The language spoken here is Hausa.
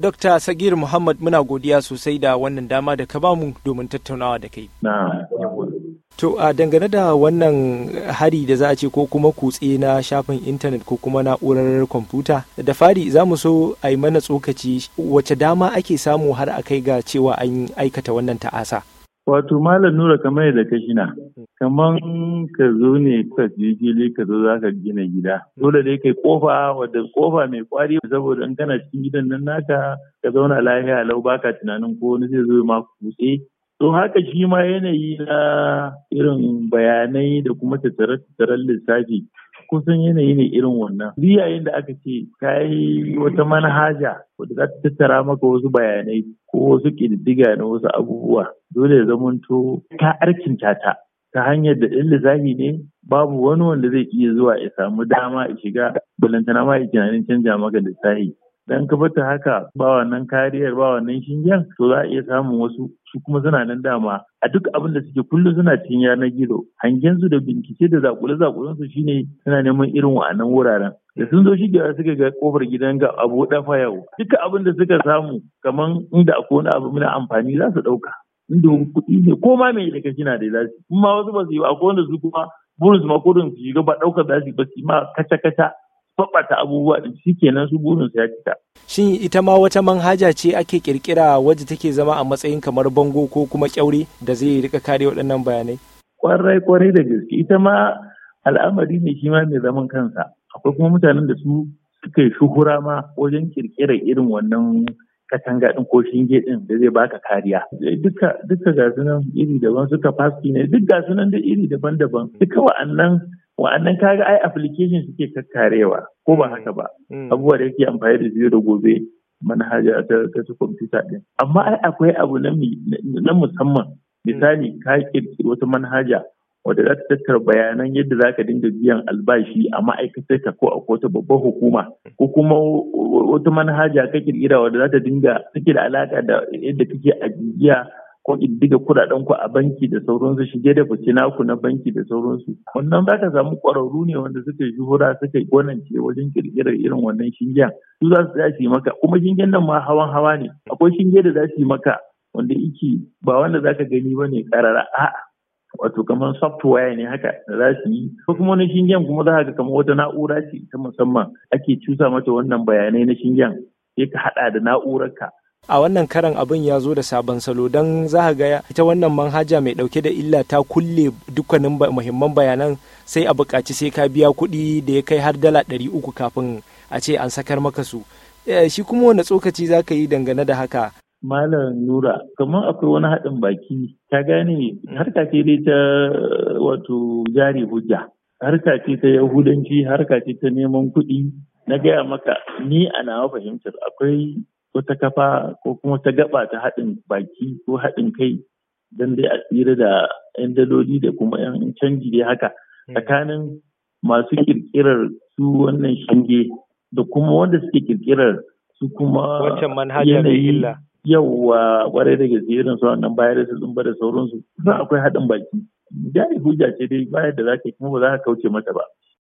Dokta Sagir Muhammad muna godiya sosai da wannan dama da ka bamu domin tattaunawa da kai. To a dangane da wannan hari da za a ce ko kuma kutse na shafin intanet ko kuma na'urar kwamfuta da fari za mu so a yi mana tsokaci wace dama ake samu har a kai ga cewa an aikata wannan ta'asa. Wato Malam Nura kamar yadda ka shina, kamar ka zo ne ka je fili ka zo za ka gina gida. Dole dai kai kofa wadda kofa mai kwari saboda in kana cikin gidan nan naka ka zauna lafiya lau ba ka tunanin ko wani zai zo ma kutse. To haka shi ma yanayi na irin bayanai da kuma tattare-tattaren lissafi kusan yanayi ne irin wannan duk yayin da aka ce ka yi wata manhaja wadda za ta tattara maka wasu bayanai ko wasu ƙididdiga na wasu abubuwa dole ya zamanto ta arkinta ta ta hanyar da ɗin lissafi ne babu wani wanda zai iya zuwa ya samu dama ya shiga balantana ma ya tunanin canja maka lissafi dan ka bata haka ba wannan kariyar ba wannan shingen to za a iya samun wasu su kuma suna nan dama a duk abin da suke kullum suna cikin yanar gizo hangen su da bincike da zakule zakulen su shine suna neman irin wa'annan wuraren da sun zo shi gaba suka ga kofar gidan ga abu dafa yau duka abin da suka samu kaman inda akwai wani abu amfani za su dauka inda kuɗi ne ko ma mai daga na da za su kuma wasu ba su yi ba akwai wanda su kuma burin su ma kodin su shiga ba daukar za su ba su yi ma kaca kaca faɓata abubuwa din kenan su burin su ya cika shin ita ma wata manhaja ce ake ƙirƙira wadda take zama a matsayin kamar bango ko kuma ƙyaure da zai rika kare waɗannan bayanai kwarai kwarai da gaske ita ma al'amari ne shi ma mai zaman kansa akwai kuma mutanen da su suka yi shuhura ma wajen ƙirƙirar irin wannan katanga din ko shinge ɗin da zai baka kariya duka gasunan iri daban suka faski ne duk gasunan da iri daban-daban duka wa'annan wa'annan kaga ai application suke kakkarewa ko ba haka ba mm. abubuwa da yake amfani da siyo da gobe manhaja ta ta kwamfuta din amma ai akwai abu na musamman misali ka kirki wata manhaja wadda za ta tattara bayanan yadda za ka dinga biyan albashi a ma'aikatarka ko a wata babbar hukuma ko kuma wata manhaja ka kirkira wadda za ta dinga take da alaka da yadda kake ajiya ko ƙiddiga kuɗaɗen ku a banki da sauransu shige da fice naku na banki da sauransu wannan za ka samu ƙwararru ne wanda suka yi hura suka gwanance wajen ƙirƙirar irin wannan shingen su za su yi maka kuma shingen nan ma hawan hawa ne akwai shinge da za su yi maka wanda iki ba wanda za ka gani ba ne ƙarara a'a wato kamar software ne haka da za su yi ko kuma wani shingen kuma za ka kamar wata na'ura ce ta musamman ake cusa mata wannan bayanai na shingen sai ka haɗa da na'urarka a wannan karan abin ya zo da sabon salo don za a ga ita wannan manhaja mai dauke da illa ta kulle dukkanin muhimman bayanan sai a buƙaci sai ka biya kuɗi da ya kai har dala ɗari uku kafin a ce an sakar maka su eh, shi kuma wani tsokaci za ka yi dangane da haka Malam Nura, kamar akwai wani haɗin baki, ta gane harka ce dai ta wato jari hujja, harka ce ta Yahudanci, harka ce ta neman kuɗi, na gaya maka ni ana nawa fahimtar akwai wata kafa ko kuma ta gaba ta haɗin baki ko haɗin kai don dai a tsira da 'yan daloli da kuma 'yan canji dai haka hmm. tsakanin masu kirkirar su wannan shinge da kuma wanda suke kirkirar su kuma yanayi yawwa illa da gaske irin su wannan bayar su da sauransu sai akwai haɗin baki jari hujja ce dai bayar da zaka kuma ba za ka kauce mata ba